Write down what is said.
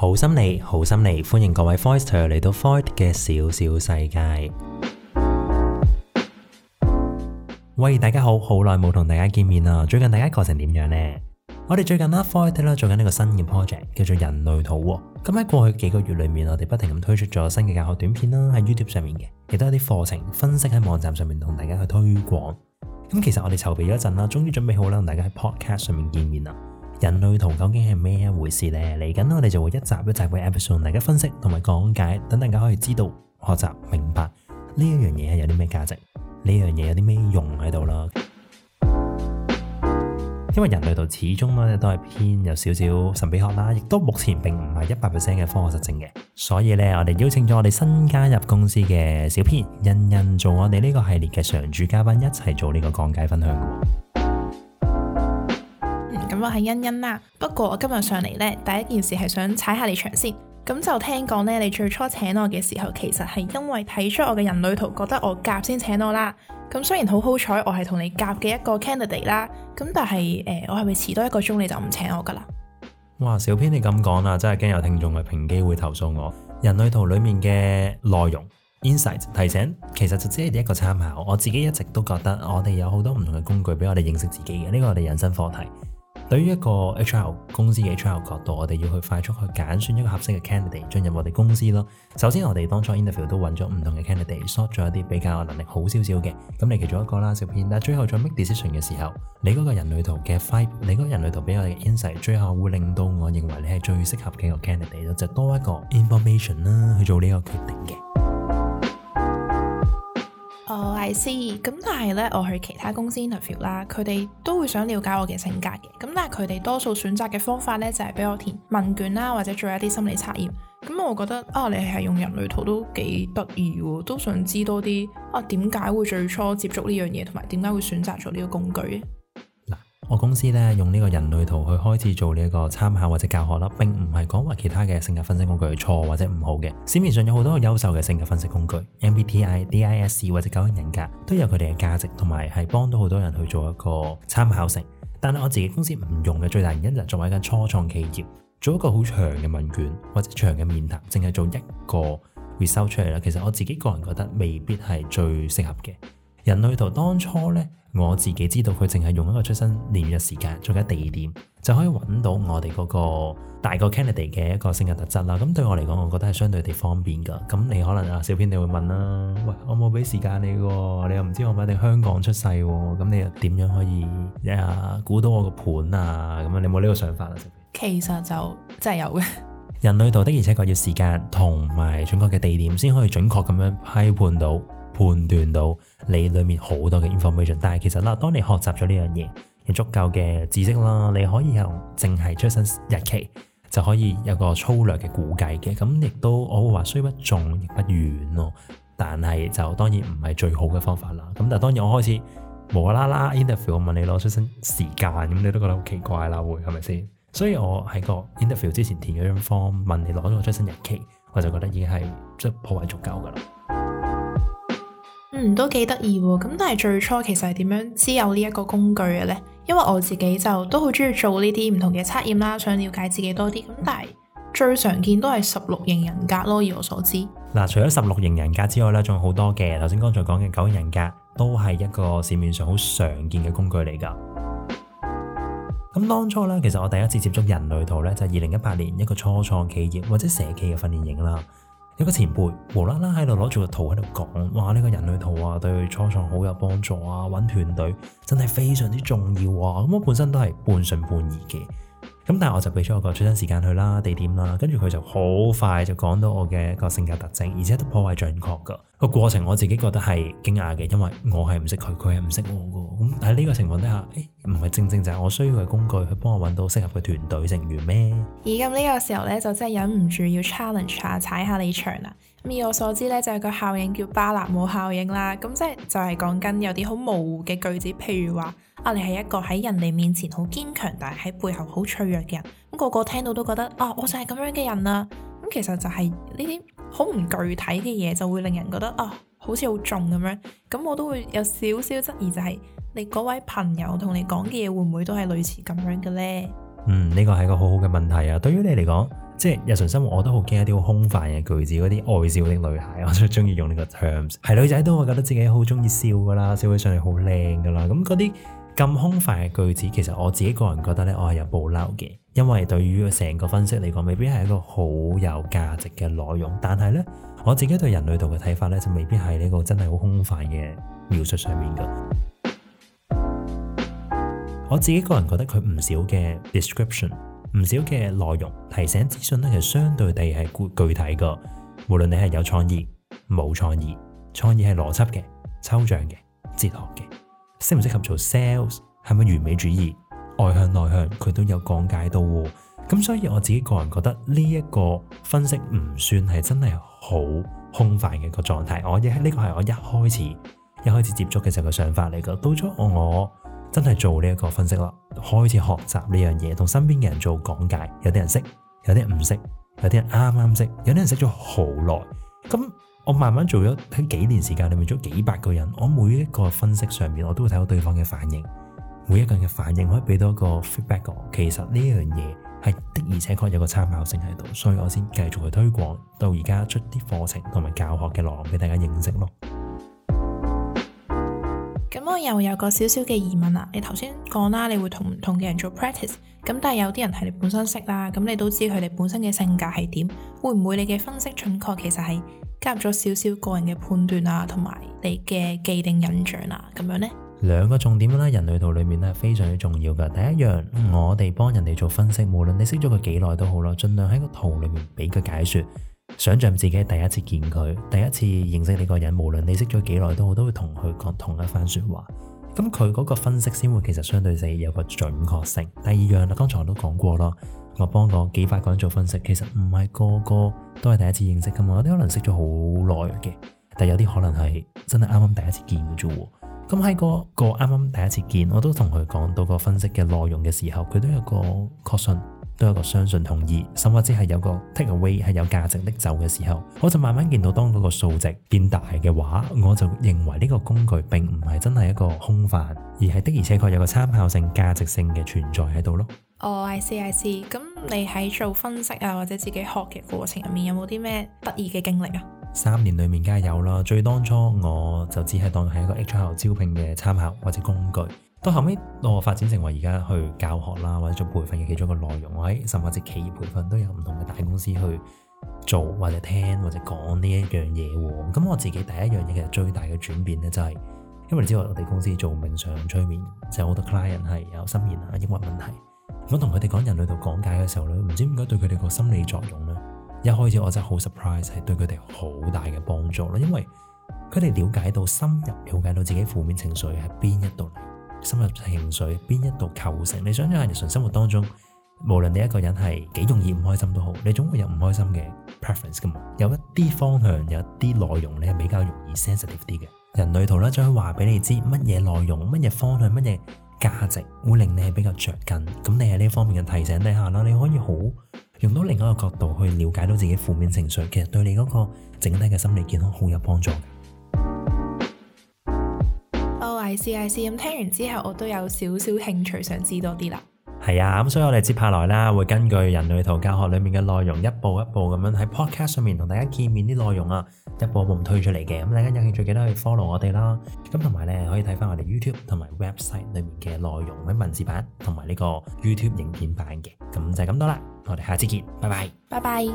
好心理，好心理，歡迎各位 Foyster 嚟到 Void 嘅小小世界。喂，大家好，好耐冇同大家見面啦，最近大家過成點樣呢？我哋最近啦，Void 做緊呢個新嘅 project，叫做人類圖。咁喺過去幾個月裏面，我哋不停咁推出咗新嘅教學短片啦，喺 YouTube 上面嘅，亦都有啲課程分析喺網站上面同大家去推廣。咁其實我哋籌備咗一陣啦，終於準備好啦，同大家喺 Podcast 上面見面啦。人類圖究竟係咩一回事呢？嚟緊我哋就會一集一集嘅 episode，大家分析同埋講解，等大家可以知道、學習、明白呢樣嘢係有啲咩價值，呢樣嘢有啲咩用喺度啦。因為人類圖始終呢都係偏有少少神秘學啦，亦都目前並唔係一百 percent 嘅科學實證嘅，所以呢，我哋邀請咗我哋新加入公司嘅小 P 人人做我哋呢個系列嘅常駐嘉賓，一齊做呢個講解分享。咁我係欣欣啦。不過我今日上嚟呢，第一件事係想踩下你場先。咁就聽講呢，你最初請我嘅時候，其實係因為睇出我嘅人類圖，覺得我夾先請我啦。咁雖然好好彩，我係同你夾嘅一個 candidate 啦。咁但係誒，我係咪遲多一個鐘你就唔請我噶啦？哇，小編你咁講啊，真係驚有聽眾係評機會投訴我。人類圖裏面嘅內容 insight 提醒，其實就只係一個參考。我自己一直都覺得我哋有好多唔同嘅工具俾我哋認識自己嘅。呢、這個我哋人生課題。對於一個 HR 公司嘅 HR 角度，我哋要去快速去揀選一個合適嘅 candidate 進入我哋公司咯。首先，我哋當初 interview 都揾咗唔同嘅 candidate，篩咗一啲比較的能力好少少嘅。咁你其中一個啦，小片。但最後在 make decision 嘅時候，你嗰個人類圖嘅 fight，你嗰個人類圖畀我嘅 insight，最後會令到我認為你係最適合嘅一個 candidate，就多一個 information 啦去做呢個決定嘅。我係 C，咁但係咧，我去其他公司 interview 啦，佢哋都會想了解我嘅性格嘅。咁但係佢哋多數選擇嘅方法咧，就係俾我填問卷啦，或者做一啲心理測驗。咁我覺得啊，你係用人類圖都幾得意，都想知多啲啊，點解會最初接觸呢樣嘢，同埋點解會選擇做呢個工具？我公司咧，用呢個人類圖去開始做呢一個參考或者教學啦，並唔係講話其他嘅性格分析工具係錯或者唔好嘅。市面上有好多很優秀嘅性格分析工具，MBTI、DISC 或者九型人格都有佢哋嘅價值，同埋係幫到好多人去做一個參考性。但係我自己公司唔用嘅最大原因，就係作為一間初創企業，做一個好長嘅問卷或者長嘅面談，淨係做一個 research 出嚟啦。其實我自己個人覺得未必係最適合嘅。人類圖當初呢，我自己知道佢淨係用一個出生年月嘅時間，再加地點，就可以揾到我哋嗰個大個 candidate 嘅一個性格特質啦。咁對我嚟講，我覺得係相對地方便㗎。咁你可能啊，小編你會問啦、啊，喂，我冇俾時間你喎，你又唔知我咪喺你香港出世喎，咁你又點樣可以估、啊、到我個盤啊？咁樣你冇呢個想法啊？其實就真係有嘅。人類圖的而且確要時間同埋準確嘅地點，先可以準確咁樣批判到。判斷到你裡面好多嘅 information，但係其實嗱，當你學習咗呢樣嘢，有足夠嘅知識啦，你可以用淨係出生日期就可以有個粗略嘅估計嘅，咁亦都我會話雖不中亦不遠咯、哦。但係就當然唔係最好嘅方法啦。咁但係當然我開始無啦啦 interview，我問你攞出生時間，咁你都覺得好奇怪啦，會係咪先？所以我喺個 interview 之前填咗張 form 問你攞咗個出生日期，我就覺得已經係即係頗為足夠㗎啦。嗯，都幾得意喎。咁但係最初其實係點樣知有呢一個工具嘅呢？因為我自己就都好中意做呢啲唔同嘅測驗啦，想了解自己多啲。咁但係最常見都係十六型人格咯，以我所知。嗱，除咗十六型人格之外呢，仲有好多嘅。頭先剛才講嘅九型人格都係一個市面上好常見嘅工具嚟㗎。咁當初呢，其實我第一次接觸人類圖呢，就係二零一八年一個初創企業或者社企嘅訓練營啦。一個前輩無啦啦喺度攞住個圖喺度講，哇！呢、這個人類圖啊，對他初創好有幫助啊，搵團隊真係非常之重要啊！咁我本身都係半信半疑嘅。咁但我就畀咗我個出生時間去啦，地點啦，跟住佢就好快就講到我嘅個性格特徵，而且都頗為準確噶。個過程我自己覺得係驚訝嘅，因為我係唔識佢，佢係唔識我噶。咁喺呢個情況底下，誒唔係正正就係我需要嘅工具去幫我揾到適合嘅團隊成員咩？而咁呢個時候咧，就真係忍唔住要 challenge 下踩下你場啦。咁以我所知咧，就係個效應叫巴納姆效應啦。咁即係就係講緊有啲好模糊嘅句子，譬如話。啊！你係一個喺人哋面前好堅強，但係喺背後好脆弱嘅人。咁個個聽到都覺得啊，我就係咁樣嘅人啊。咁其實就係呢啲好唔具體嘅嘢，就會令人覺得啊，好似好重咁樣。咁我都會有少少質疑，就係，就係你嗰位朋友同你講嘅嘢，會唔會都係類似咁樣嘅呢？嗯，呢個係一個好好嘅問題啊！對於你嚟講。即係日常生活，我都好驚一啲好空泛嘅句子，嗰啲愛笑的女孩，我都中意用呢個 terms。係女仔都會覺得自己好中意笑噶啦，笑起上嚟好靚噶啦。咁嗰啲咁空泛嘅句子，其實我自己個人覺得咧，我係有保留嘅，因為對於成個分析嚟講，未必係一個好有價值嘅內容。但係咧，我自己對人類圖嘅睇法咧，就未必係呢個真係好空泛嘅描述上面噶。我自己個人覺得佢唔少嘅 description。唔少嘅內容提醒資訊咧，就相對地係具具體噶。無論你係有創意、冇創意，創意係邏輯嘅、抽象嘅、哲學嘅，適唔適合做 sales，係咪完美主義、外向內向，佢都有講解到、哦。咁所以我自己個人覺得呢一個分析唔算係真係好空泛嘅一個狀態。我亦呢個係我一開始一開始接觸嘅時候嘅想法嚟噶。到咗我。我真係做呢一個分析咯，開始學習呢樣嘢，同身邊嘅人做講解。有啲人識，有啲唔識，有啲人啱啱識，有啲人識咗好耐。咁我慢慢做咗喺幾年時間裏面，做咗幾百個人。我每一個分析上面，我都會睇到對方嘅反應，每一個人嘅反應可以俾到一個 feedback 我。其實呢樣嘢係的而且確有個參考性喺度，所以我先繼續去推廣，到而家出啲課程同埋教學嘅內容俾大家認識咯。咁我又有個少少嘅疑問啦，你頭先講啦，你會同唔同嘅人做 practice，咁但係有啲人係你本身識啦，咁你都知佢哋本身嘅性格係點，會唔會你嘅分析準確其實係加入咗少少個人嘅判斷啊，同埋你嘅既定印象啊咁樣呢？兩個重點啦，人類圖裏面咧非常之重要㗎。第一樣，我哋幫人哋做分析，無論你識咗佢幾耐都好啦，盡量喺個圖裏面俾佢解説。想象自己第一次見佢，第一次認識你個人，無論你識咗幾耐都好，都會同佢講同一番説話。咁佢嗰個分析先會其實相對地有個準確性。第二樣啦，剛才我都講過啦，我幫過幾百個人做分析，其實唔係個個都係第一次認識㗎嘛，有啲可能識咗好耐嘅，但有啲可能係真係啱啱第一次見嘅啫。咁喺嗰個啱啱第一次見，我都同佢講到個分析嘅內容嘅時候，佢都有個確信。都有一個相信同意，甚或者係有個 takeaway 係有價值拎走嘅時候，我就慢慢見到當嗰個數值變大嘅話，我就認為呢個工具並唔係真係一個空泛，而係的而且確有個參考性、價值性嘅存在喺度咯。哦，I see，I see。咁你喺做分析啊，或者自己學嘅過程入面，有冇啲咩得意嘅經歷啊？三年裏面梗係有啦。最當初我就只係當係一個 HR 招聘嘅參考或者工具。到後尾，我發展成為而家去教學啦，或者做培訓嘅其中一個內容。我喺甚至企業培訓都有唔同嘅大公司去做或者聽或者講呢一樣嘢。咁我自己第一樣嘢其實最大嘅轉變咧、就是，就係因為你知道我哋公司做冥想催眠，就好、是、多 client 係有心言啊、抑鬱問題。我同佢哋講人類圖講解嘅時候咧，唔知點解對佢哋個心理作用咧，一開始我真係好 surprise，係對佢哋好大嘅幫助啦，因為佢哋了解到深入瞭解到自己負面情緒喺邊一度嚟。深入情緒邊一度構成？你想一下，日常生活當中，無論你一個人係幾容易唔開心都好，你總會有唔開心嘅 preference 㗎嘛。有一啲方向，有一啲內容，你係比較容易 sensitive 啲嘅。人類圖咧，將佢話俾你知乜嘢內容、乜嘢方向、乜嘢價值會令你係比較着緊。咁你喺呢方面嘅提醒底下啦，你可以好用到另一個角度去了解到自己負面情緒，其實對你嗰個整體嘅心理健康好有幫助。係試下試下，聽完之後我都有少少興趣，想知多啲啦。係啊，咁所以我哋接下來啦，會根據人類圖教學裏面嘅內容，一步一步咁樣喺 podcast 上面同大家見面啲內容啊，一步一步推出嚟嘅。咁大家有興趣記得去 follow 我哋啦。咁同埋咧，可以睇翻我哋 YouTube 同埋 website 裏面嘅內容，喺文字版同埋呢個 YouTube 影片版嘅。咁就係咁多啦，我哋下次見，拜拜，拜拜。